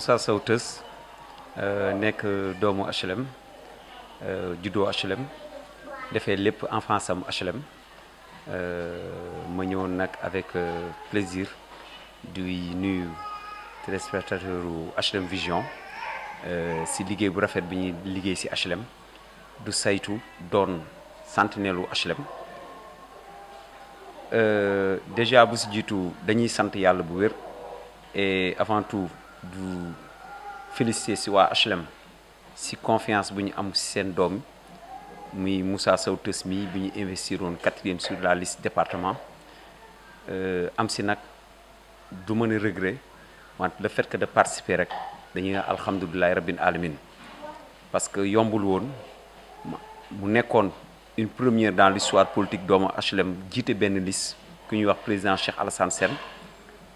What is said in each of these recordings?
Moussa Sow Teuss euh, nekk doomu HLM euh, juddoo HLM defee lépp enfance am HLM euh, ma ñëwoon nak avec plaisir du nuyu téléspectateur u HLM Vision si liggéey bu rafet bi ñuy liggéey si HLM du saytu don sentinelle u HLM déjà bu si jitu dañuy sante yalla bu et avant tout du féliciter ci wa HLM si confiance buñu am ci sen doom muy Moussa Sow Teuss mi bi ñu investir woon quatrième sur la liste département euh, am si nak du meune regret wante le fait que de participer rek dañuy alhamdoulillah alhamdulilahi rabbil alamin parce que yombul won mu nekkoon une première dans l'histoire politique doomu HLM jité ben liste que ñuy wax président Cheikh Alassane Sène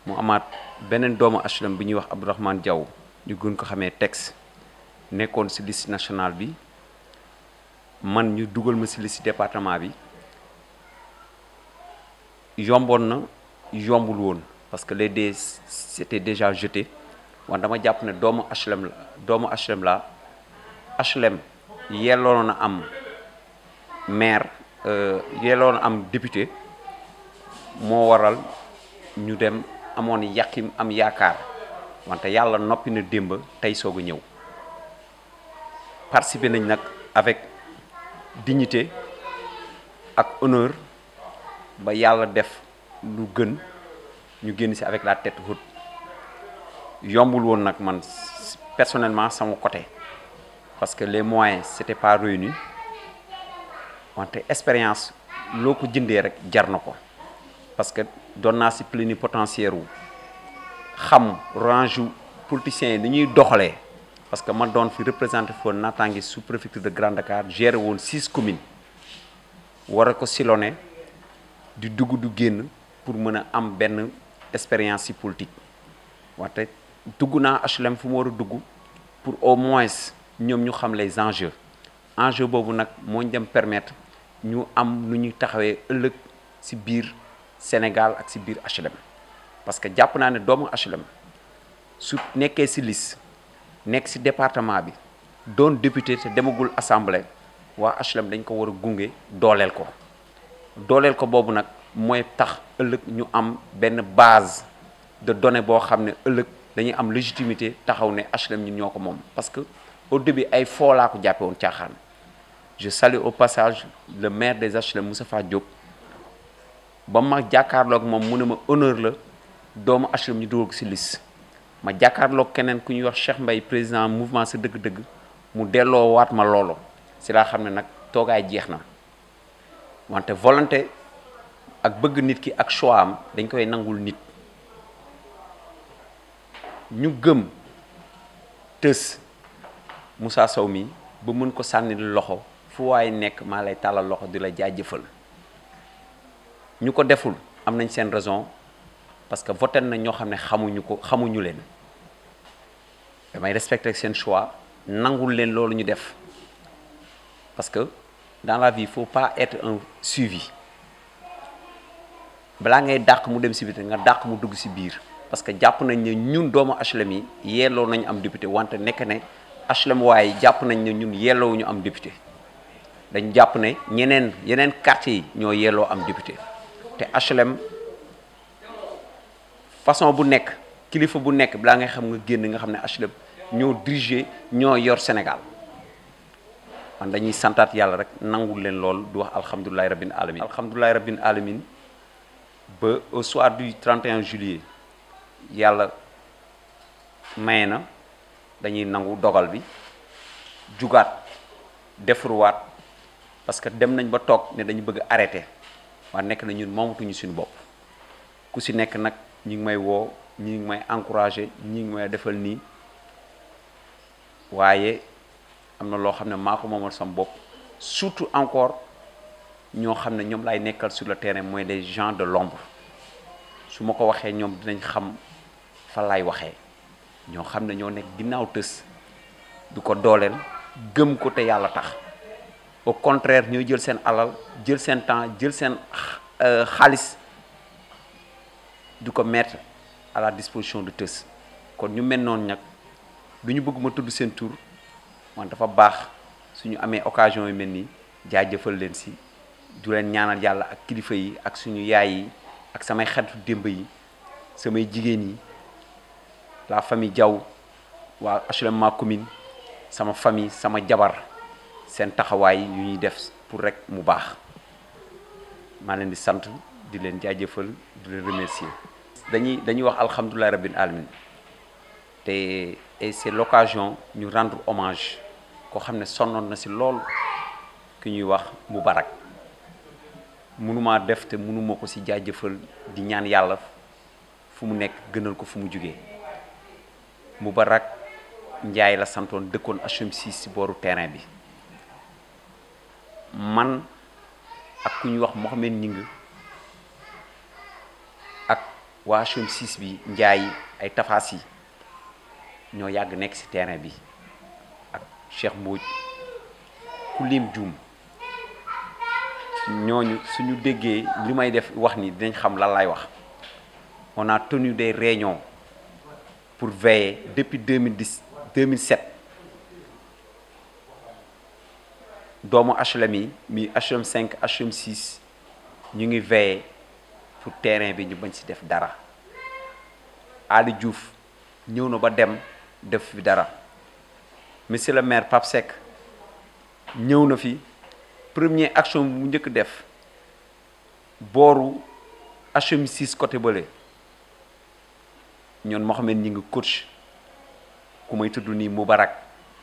mu amaat benen doomu HLM bi wax Abdourahmane Diaw ñu gën ko xamee texte nekkoon ci liste nationale bi man ñu ma ci liste département bi parce que les dés c'était déjà jeté wan dama doomu HLM la doomu HLM la HLM am maire euh, député amoon yaqim am yaakaar wante yàlla noppi na démb tey soog ñëw participer nañ nag avec dignité ak honneur ba yàlla def lu gën ñu génn si avec la tête haute yombul woon nag man personnellement sama côté parce que les moyens c'était pas réunis wante expérience loo ko jëndee rek jar na ko parce que donna ci si plénipotentiaire wu xam range politicien ni ñuy parce que ma donne fi représenter fo natangi sous préfecture de Grand Dakar géré woon six communes war a ko silone di dugu du génn pour mën am ben expérience politique wante dugg naa HLM fu mu war pour au moins ñom ñu xam les enjeux enjeu bobu nak mo ñu dem permettre ñu am nu ñuy taxawé ëlëk ci bir Sénégal ak ci bir HLM parce que japp naa ne doomu HLM su nekké ci liste nekk ci département bi doon député té demagul assemblée wa HLM dañ ko wara a dolel ko dolel ko bobu nak moy tax ëllëg ñu am benn base de données bo xamné ne dañuy am légitimité taxaw né HLM ñun ñoko mom parce que au début ay foo la ko jàppe woon caaxaan je salue au passage le maire des HLM Moustapha Diop ba ma jàkkaarlook moom mu ne ma honneur la doomu HLM ñu dugal si liste ma jàkkaarlook keneen ku ñuy wax Cheikh mbay président mouvement sa dëgg-dëgg mu delloo waat ma loolo si laa xam ne nag toogaay jeex na wante volonté ak bëgg nit ki ak choix am dañ koy nangul nit ñu gëm tës Moussa Sow mi ba mën ko sànni loxo fu waaye nekk maa lay tàllal loxo di la jaajëfal ñu ko deful am nañ seen raison parce que voté na ño xamné xamuñu ko xamuñu leen damay respecter seen choix nangul leen loolu ñu def parce que dans la vie faut pas être un suivi bla ngay dàq mu dem si biir nga dàq mu dugg ci biir parce que japp nañ ne ñun doomu HLM yi yelloo nañ am député wante nek ne HLM way japp nañ ne ñun yelloo ñu am député dañ japp ne ñeneen yenen quartier ño ñoo am député te HLM façon bu nek, kilifa bu nek, bla nga xam nga genn nga xamne HLM ño diriger ño yor Senegal man dañuy santat yalla rek nangul len lol du wax alhamdullahi rabin alamin alhamdullahi rabin alamin ba au soir du 31 juillet yalla mayena dañuy nangou dogal bi jugaat defuruwaat parce que dem nañ ba tok ne dañu bëgg arrêter waaye nekk na ñun moomatuñu suñu bopp ku si nekk nag ñi ngi may woo ñi ngi may encouragé ñi ngi may defal nii waaye am na loo xam ne maa ko moomal sama bopp surtout encore ñoo xam ne ñoom laay nekkal sur le terrain mooy les gens de l'ombre su ma ko waxee ñoom dinañ xam fa lay waxee ñoo xam ne ñoo nekk ginnaaw tës du ko dooleel gëm ko te yàlla tax au contraire nous jël sen alal temps jël euh, mettre à la disposition de tous. kon ñu mel non nak duñu bëgg ma tuddu sen man dafa suñu occasion yu du ñaanal ak kilifa yi ak suñu yaay yi ak yi yi la famille Diaw wa ma famille sama seen taxawaay yu ñuy def pour rek mu baax maa leen di sant di leen jaajëfal di leen remercier dañuy dañuy wax alhamdulilah rabbil alamin te et c'est l'occasion ñu rendre hommage koo xam ne sonnoon na si lool ki ñuy wax Moubarak mënumaa def te mënuma ko si jaajëfal di ñaan yàlla fu mu nekk gënal ko fu mu jugee Moubarak Njaay la santoon dëkkoon HM6 si booru terrain bi man ak ku wax Mohamed Ningu, ak waa chom bi njaay ay ñoo yàgg terrain bi Cheikh def wax ni xam on a tenu des réunions pour veiller depuis 2010 2007 doomu HLM mais HLM 5 HLM 6 nous ngi veillé pour terrain bi ñu bañ si def dara Ali Diouf ñëw na ba dem def fi dara monsieur le maire Pape Seck ñëw fi premier action bu njëkk def booru HLM 6 côté nous sommes Mohamed ñi ngi coach ku may tudd Moubarak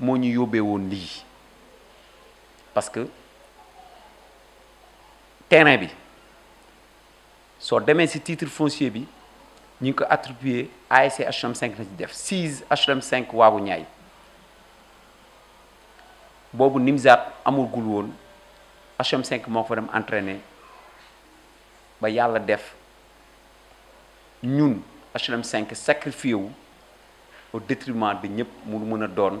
moo ñu yóbbee woon lii parce que terrain bi so demee ci titre foncier bi ñu ko attribuer ASC hm 5 na ci def 6 hm 5 ñay bobu boobu amul gul woon hm 5 moo fa dem entraîné ba yalla def ñun hm 5 sacrifié au détriment de ñep mu mën doon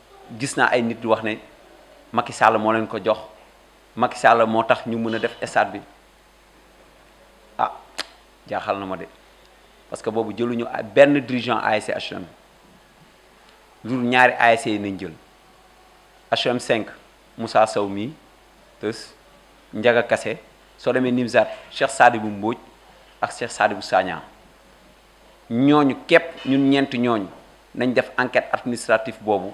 gis naa ay nit wax ne Macky Sall moo leen ko jox Macky Sall moo tax ñu mën a def stade bi ah jaaxal na ma de parce que boobu jëluñu benn dirigeant ASC HLM loolu ñaari ASC yi nañ jël HLM cinq Moussa Sow mii tës Ndiaga soo demee Nimzat Cheikh bu Mbodj ak Cheikh bu Sagna ñooñu képp ñun ñeent ñooñu nañ def enquête administrative boobu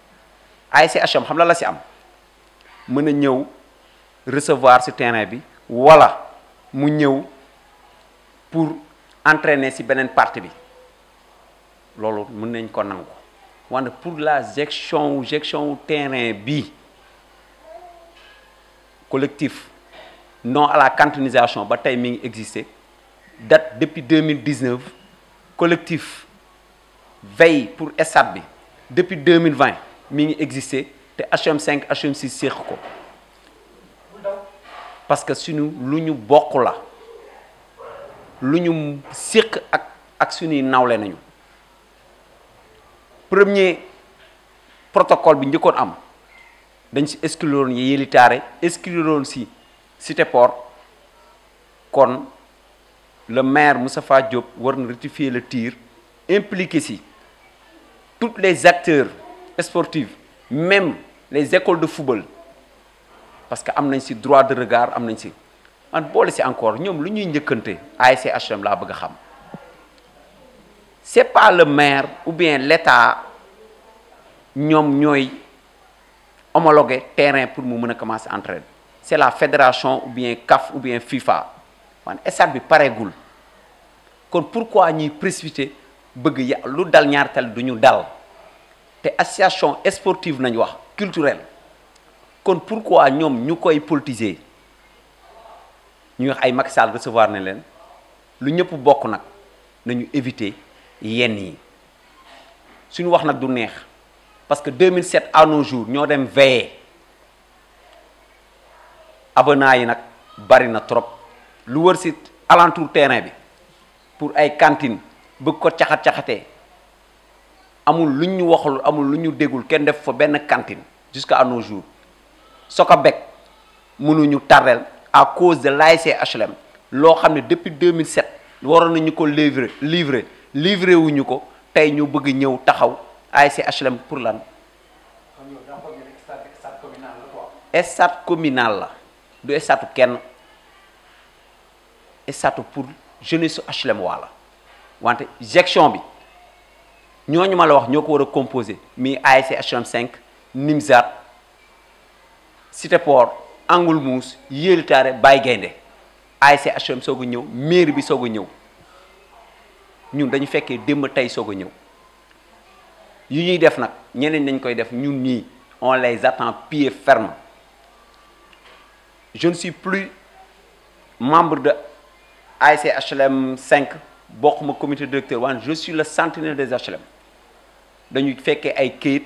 A.S.H.M, xam la la si am meuna a recevoir ce terrain bi wala mu pour entraîner ces benen partie bi lolu meun nañ ko pour la gestion ou terrain bi collectif non à la cantonisation ba timing mi date depuis 2019 collectif veille pour SAB depuis 2020 HM5 HM6 cirque parce que suñu nous bokku la là, nous ak ak nañu premier protocole bi ñëkkon am dañ si Cité Port le maire Moussa Diop war rectifier le tir impliqué si tous les acteurs sportive même les écoles de football parce que y a droit de regard am nañ si man encore ñoom lu ñuy njëkkante ASC HLM laa bëgg xam c'est pas le maire ou bien l'État ñoom ñooy homologué terrain pour mu mën a commencer entraîne c'est la fédération ou bien CAF ou bien FIFA man n'est pas pareegul kon pourquoi ñuy précipiter bëgg ya lu dal ñaar du dal te association sportive wax culturelle kon pourquoi nous, ñu koy politiser ñu wax ay recevoir ne leen lu ñëpp nañu éviter yenn yi suñu wax du neex parce que 2007 à nos jours nous dem veillé avenants yi nag bari trop lu wër si alentour terrain pour ay cantines, bëgg ko caxat amul luñu waxul amul luñu déggul kenn def fa benn cantine jusqu'à nos jours Socabeg mënuñu tarrel à cause de l'ASC HLM loo xam ne depuis 2007 waroon nañu ko livrer livrer livrer wuñu ko tey ñu bëgg ñëw taxaw ASC HLM pour lan. estat communal la du stade kenn stade pour jeunesse HLM waa la wante bi ñooñu ma la wax ñoo ko war a composé mi ASC HLM 5 Nimzat Cité Port Angoule Mousse Yéeli Taare Baye Gaynde ASC HLM soog a ñëw mairie bi soog a ñëw ñun dañu fekkee démb tey soog a ñëw yu ñuy def nag ñeneen nañ koy def ñun ñii on les attend pied ferme je ne suis plus membre de ASC HLM 5 bokkuma comité directeur waan je suis le sentinelle des HLM dañu fekkee ay këyit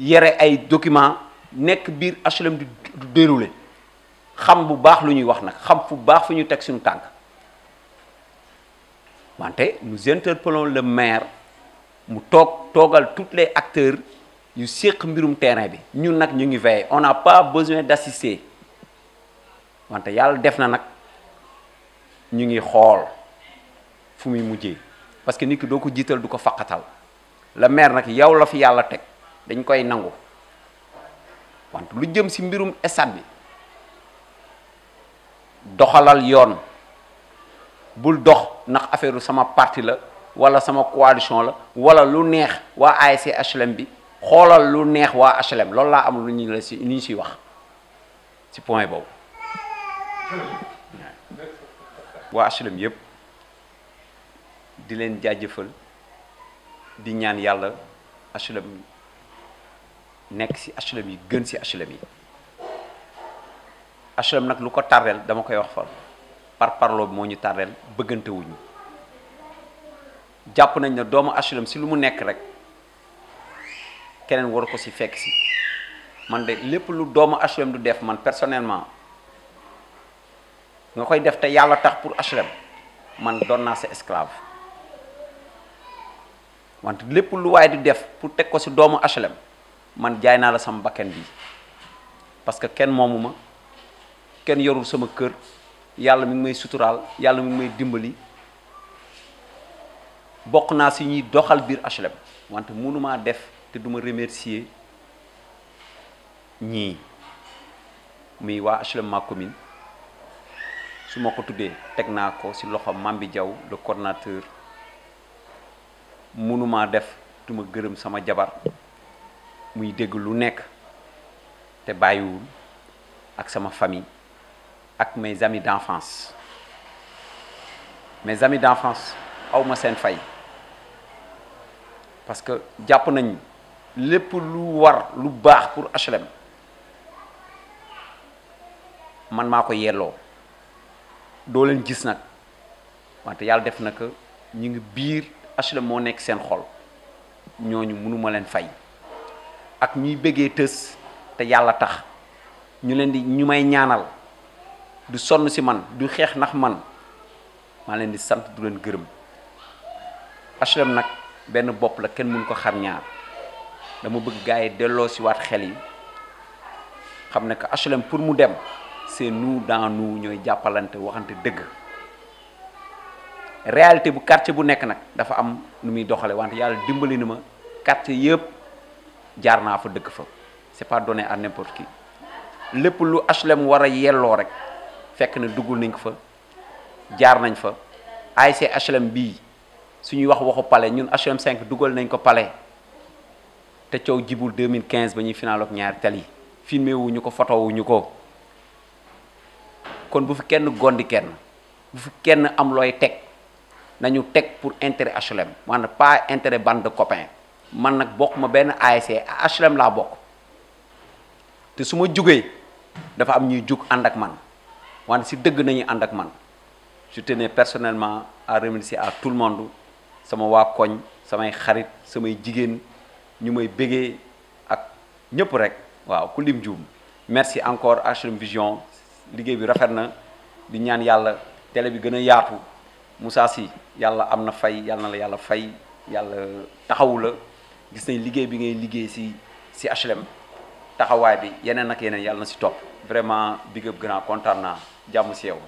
yéré ay documents nek bir HLM di déroulé xam bu baax lu ñuy wax nak xam fu baax fu ñu tek suñu tank wante nous interpellons le maire mu tok togal tous les acteurs yu séq mbirum terrain bi ñun nak ñu ngi veillé on n'a pas besoin d'assister wante yalla def na nag ñu ngi xol fu muy mujjé parce que nit ki doo ko jiital du ko faqatal la maire nag yow la fi yàlla teg dañ koy nangu wante lu jëm ci mbirum stade bi doxalal yoon bul dox ndax affaire sama parti la wala sama coalition la wala lu neex waa si HLM bi xoolal lu neex waa HLM lool laa am lu ñu la ci lu ñu ciy wax ci point boobu waa HLM yépp di leen jaajëfal di ñaan yàlla HLM nekk si HLM yi gën si HLM yi HLM nag lu ko tàrreel dama koy wax fal par parlo bi moo ñu tàrreel bëggante wuñu jàpp nañ ne doomu HLM si lu mu nekk rek keneen war ko si fekk si man de lépp lu doomu HLM du def man personnellement nga koy def te yàlla tax pour HLM man doon naa sa esclave wante lépp lu waay di def pour teg ko si doomu HLM man jaay naa la sama bakken bi parce que kenn moomu ma kenn yorul sama kër yàlla mi ngi may suturaal yàlla mu ngi may dimbali bokk naa si ñuy doxal biir HLM wante mënumaa def te duma remercier ñii muy waa HLM ma commune su ma ko tuddee teg naa ko si loxo Mambi Diaw le coordonnateur mënumaa def tuma gërëm sama jabar muy dégg lu nekk te bàyyiwul ak sama famille ak mes amis d'enfance mes amis d'enfance awma seen fay parce que jàpp nañ lépp lu war lu baax pour HLM man maa ko yelloo doo leen gis nag wante yàlla def na que ñu ngi biir HLM mo nek sen xol ñooñu mënuma len fay ak ñuy bëggee tës te yàlla tax ñu leen di ñu may ñaanal du sonn si man du xeex ndax man maa leen di sant du leen gërëm HLM nag benn bopp la kenn mënu ko xar ñaar dama bëgg gaay delloo si waat xel yi xam ne que pour mu dem c'est nous dans nous ñooy jàppalante waxante dëgg réalité bu quartier bu nekk nag dafa am nu muy doxale wante yàlla dimbali nu ma quartier yëpp jaar naa fa dëkk fa c'est pas donné à n'importe qui lépp lu HLM war a yelloo rek fekk na duggul nañ ko fa jaar nañ fa ASC HLM bii suñuy wax waxu palais ñun HLM 5 dugal nañ ko palais te coow jibul 2015 ba ñuy final ñaari tel yi filmé wuñu ko photo wuñu ko kon bu fi kenn gondi kenn bu fi kenn am looy teg nañu teg pour intérêt HLM maanaam pas intérêt bande de copains man nag bokk ma benn ASC HLM laa bokk te su ma jugee dafa am ñuy jug ànd ak man wante si dëgg nañu ànd ak man je tenais personnellement à remercier à tout le monde sama waa koñ samay xarit samay jigéen ñu may bégee ak ñëpp rek waaw ku lim juum merci encore HLM Vision liggéey bi rafet na di ñaan yàlla tele bi gën a yaatu Moussa Sy yàlla amna fay yalla na la yàlla fay yalla taxawu la gis nañ liggey bi ngay liggey si si HLM taxaway bi yenen ak yenen yalla na si top vraiment big up grand jamu naa si yow